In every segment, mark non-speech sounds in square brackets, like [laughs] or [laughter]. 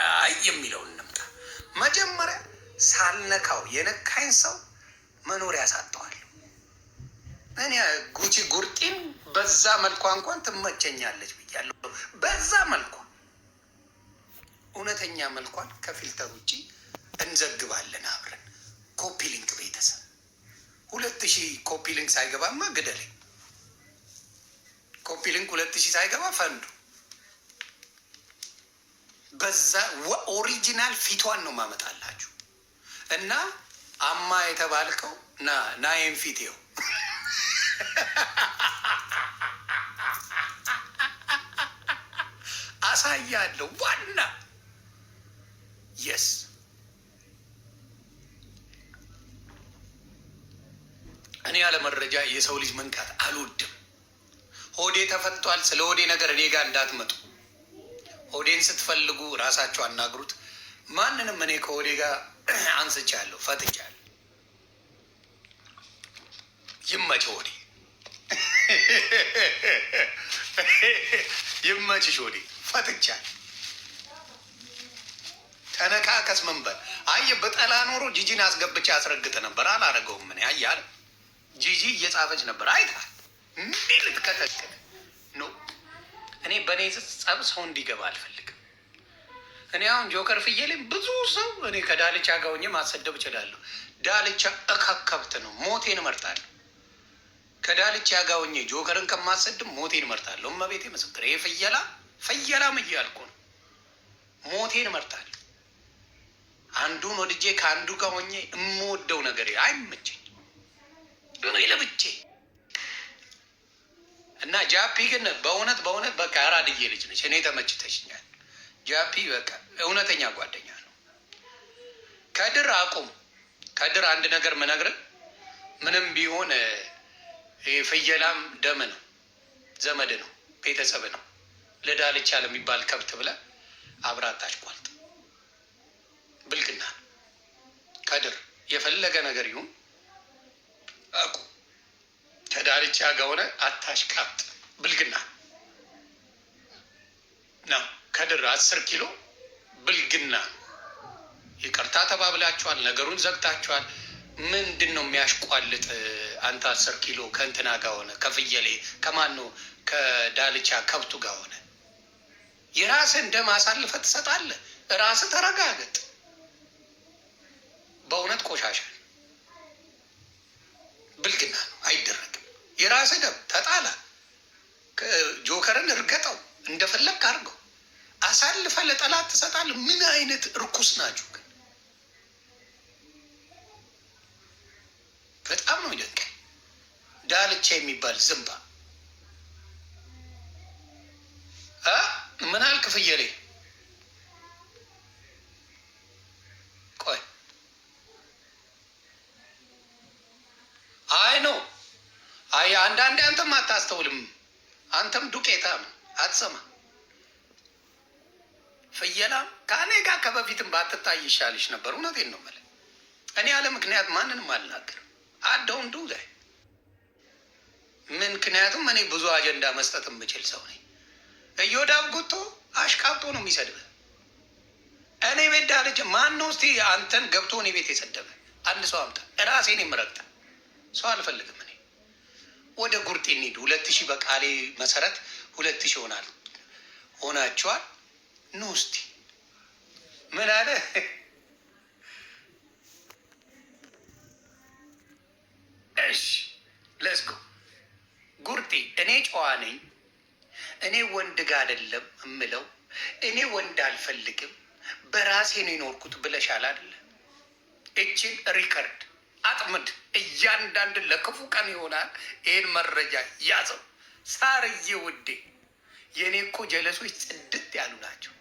ጉዳይ የሚለውን እንምጣ። መጀመሪያ ሳልነካው የነካኝ ሰው መኖሪያ ያሳጠዋል። እኔ ጉቺ ጉርጢን በዛ መልኳ እንኳን ትመቸኛለች ብያለሁ። በዛ መልኳ እውነተኛ መልኳን ከፊልተር ውጭ እንዘግባለን አብረን። ኮፒ ሊንክ ቤተሰብ ሁለት ሺህ ኮፒ ሊንክ ሳይገባማ ግደለኝ። ኮፒ ሊንክ ሁለት ሺህ ሳይገባ ፈንዱ በዛ ኦሪጂናል ፊቷን ነው ማመጣላችሁ እና አማ የተባልከው ና ናይም ፊቴው አሳያለሁ። ዋና የስ እኔ ያለ መረጃ የሰው ልጅ መንካት አልወድም። ሆዴ ተፈቷል። ስለ ሆዴ ነገር እኔ ጋር እንዳትመጡ። ኦዴን ስትፈልጉ ራሳችሁ አናግሩት። ማንንም እኔ ከኦዴ ጋር አንስቻለሁ፣ ፈትቻለሁ። ይመች ኦዴ፣ ይመችሽ ኦዴ፣ ፈትቻለሁ። ተነካከስ መንበር አየ በጠላ ኖሮ ጂጂን አስገብቼ አስረግጥ ነበር። አላረገውም። ምን ያያል ጂጂ እየጻፈች ነበር አይታል ሚልት እኔ በእኔ ጸብ ሰው እንዲገባ አልፈልግም። እኔ አሁን ጆከር ፍየሌም ብዙ ሰው እኔ ከዳልቻ ጋር ሆኜ ማሰደብ እችላለሁ። ዳልቻ እካከብት ነው፣ ሞቴን እመርጣለሁ። ከዳልቻ ጋር ሆኜ ጆከርን ከማሰድብ ሞቴን እመርጣለሁ። እመቤቴ ምስክር ይሄ ፍየላ ፍየላም እያልኩ ነው፣ ሞቴን እመርጣለሁ። አንዱን ወድጄ ከአንዱ ጋር ሆኜ የምወደው ነገር አይመቸኝ ብሎ ለብቼ እና ጃፒ ግን በእውነት በእውነት በቃ ራድዬ ልጅ ነች። እኔ ተመችተሽኛል ጃፒ በቃ እውነተኛ ጓደኛ ነው። ከድር አቁም ከድር አንድ ነገር ምነግርህ ምንም ቢሆን ፍየላም ደም ነው፣ ዘመድ ነው፣ ቤተሰብ ነው። ለዳልቻ ለሚባል ከብት ብለህ አብራታች ቋልጥ ብልግና ከድር የፈለገ ነገር ይሁን አቁም። ከዳርቻ አታሽ አታሽቃብጥ። ብልግና ነው። ከድር አስር ኪሎ ብልግና። ይቅርታ ተባብላችኋል፣ ነገሩን ዘግታችኋል። ምንድን ነው የሚያሽቋልጥ? አንተ አስር ኪሎ ከእንትና ጋር ሆነ ከፍየሌ ከማን ነው ከዳልቻ ከብቱ ጋር ሆነ የራስን ደም አሳልፈ ትሰጣለህ። ራስ ተረጋገጥ። በእውነት ቆሻሻ ብልግና ነው፣ የራስ ደም ተጣላ። ጆከርን እርገጠው፣ እንደፈለግ አድርገው። አሳልፈ ለጠላት ትሰጣል። ምን አይነት እርኩስ ናችሁ ግን! በጣም ነው ደንቀ ዳልቻ የሚባል ዝንባ ምን አልክ ፍየሬ? ቆይ አይ ነው አንዳንዴ አንተም አታስተውልም። አንተም ዱቄታ አትሰማ ፍየላ ከእኔ ጋር ከበፊትም ባትታይ ይሻልሽ ነበር። እውነቴን ነው የምልህ። እኔ ያለ ምክንያት ማንንም አልናገርም። አደው እንዱ ላይ ምክንያቱም እኔ ብዙ አጀንዳ መስጠት የምችል ሰው ነኝ። እዮዳብ ጎቶ አሽቃብጦ ነው የሚሰድበ እኔ ቤት ማን ነው እስቲ አንተን ገብቶ እኔ ቤት የሰደበ? አንድ ሰው አምጣ። ራሴን የምረግጠ ሰው አልፈልግም። ወደ ጉርጤ እንሂድ። ሁለት ሺህ በቃሌ መሰረት ሁለት ሺህ ሆናል ሆናችኋል። ኑ እስቲ ምን አለ እሺ ለስጎ ጉርጤ እኔ ጨዋ ነኝ። እኔ ወንድ ጋ አይደለም እምለው እኔ ወንድ አልፈልግም በራሴ ነው የኖርኩት ብለሻል አይደለ? እችን ሪከርድ አጥምድ። እያንዳንድን ለክፉ ቀን ይሆናል። ይህን መረጃ ያዘው ሳርዬ ውዴ። የእኔ እኮ ጀለሶች ጽድት ያሉ ናቸው።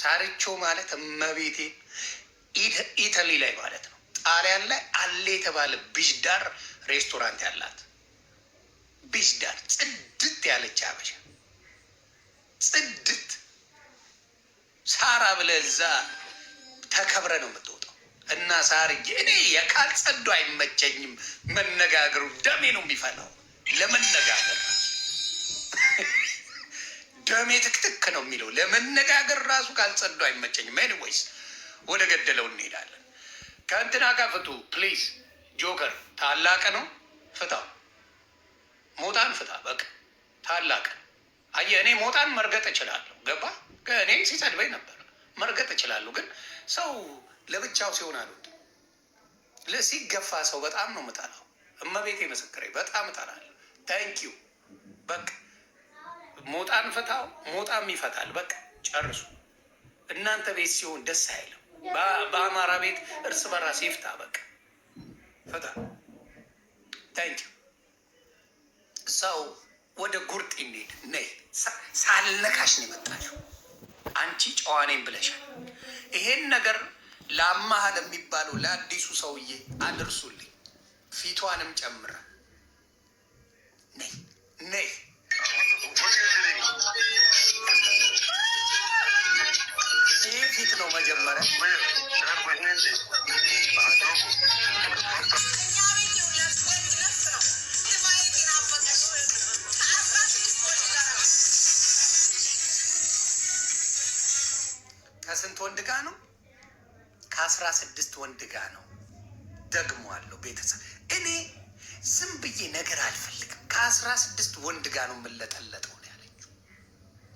ሳርቾ ማለት እመቤቴ ኢተሊ ላይ ማለት ነው። ጣሊያን ላይ አለ የተባለ ቢሽዳር ሬስቶራንት ያላት ቢሽዳር ጽድት ያለች አበሻ ጽድት ሳራ ብለህ እዛ ተከብረ ነው የምትወጣው። እና ሳርዬ እኔ የቃል ጸዶ አይመቸኝም። መነጋገሩ ደሜ ነው የሚፈላው። ለመነጋገር [laughs] ደሜ ትክትክ ነው የሚለው። ለመነጋገር ራሱ ጸዶ አይመቸኝም። ኤኒዌይስ ወደ ገደለው እንሄዳለን። ከእንትና ጋር ፍቱ ፕሊዝ። ጆከር ታላቅ ነው ፍታው። ሞጣን ፍታ በቃ ታላቅ አየህ። እኔ ሞጣን መርገጥ እችላለሁ። ገባ እኔም ሲጸድበኝ ነበር መርገጥ ይችላሉ። ግን ሰው ለብቻው ሲሆን አሉት ሲገፋ ሰው በጣም ነው የምጠላው። እመቤቴ ምስክሬ በጣም እጠላለሁ። ታንኪዩ በቃ ሞጣን ፈታው፣ ሞጣም ይፈታል። በቃ ጨርሱ። እናንተ ቤት ሲሆን ደስ አይልም። በአማራ ቤት እርስ በራስ ይፍታ። በቃ ፈታ። ታንኪዩ ሰው ወደ ጉርጥ የሚሄድ ነይ ሳልነካሽ ነው የመጣችው። አንቺ ጨዋኔ ብለሻል። ይሄን ነገር ለአማሃል የሚባለው ለአዲሱ ሰውዬ አድርሱልኝ። ፊቷንም ጨምረ ነይ ነይ ይህ ፊት ነው መጀመሪያ ወንድ ጋ ነው ደግሞ አለው ቤተሰብ። እኔ ዝም ብዬ ነገር አልፈልግም። ከአስራ ስድስት ወንድ ጋ ነው የምለጠለጠው ነው ያለችው።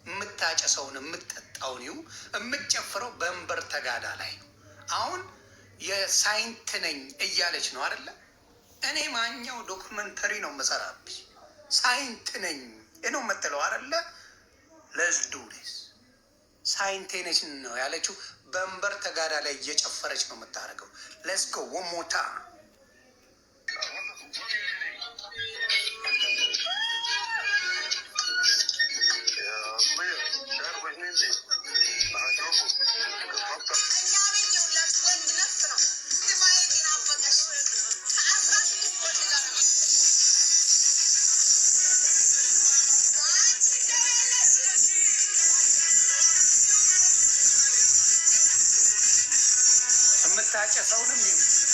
የምታጨሰውን የምጠጣውን ይሁ የምጨፍረው በእንበር ተጋዳ ላይ ነው። አሁን የሳይንት ነኝ እያለች ነው አደለ? እኔ ማኛው ዶክመንተሪ ነው የምሰራብሽ ሳይንት ነኝ ነው የምትለው አይደለ? ለዝዱ ሳይንቴ ነው ያለችው። በንበር ተጋዳ ላይ እየጨፈረች ነው የምታደርገው። ሌትስ ጎ ወን ሞር ታይም የምታጨሰውንም ይሁን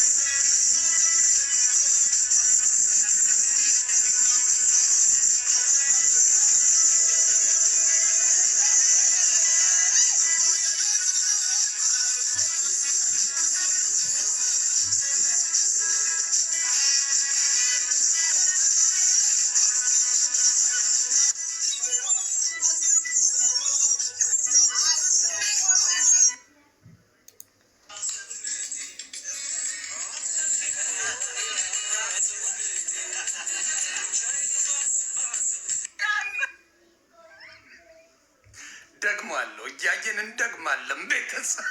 እያየን እንደግማለን። ቤተሰብ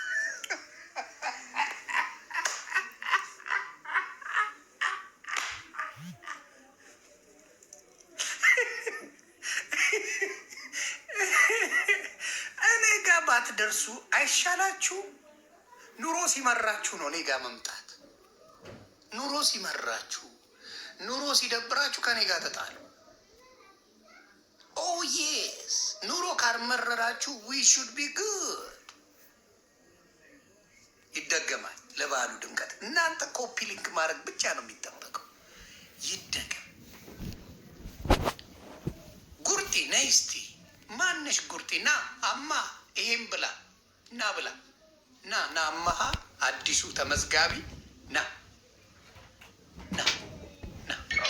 እኔ ባትደርሱ አይሻላችሁ? ኑሮ ሲመራችሁ ነው እኔ ጋር መምጣት። ኑሮ ሲመራችሁ፣ ኑሮ ሲደብራችሁ ከኔ ጋር ተጣሉ። ኦዬ ኑሮ ካልመረራችሁ ዊ ሹድ ቢ ጉድ ይደገማል። ለበዓሉ ድምቀት እናንተ ኮፒ ሊንክ ማድረግ ብቻ ነው የሚጠበቀው። ይደገም። ጉርጢ ነይስቲ ማነሽ? ጉርጢ ና አማ ይሄም ብላ ና ብላ ና ና አማሀ አዲሱ ተመዝጋቢ ና ና ና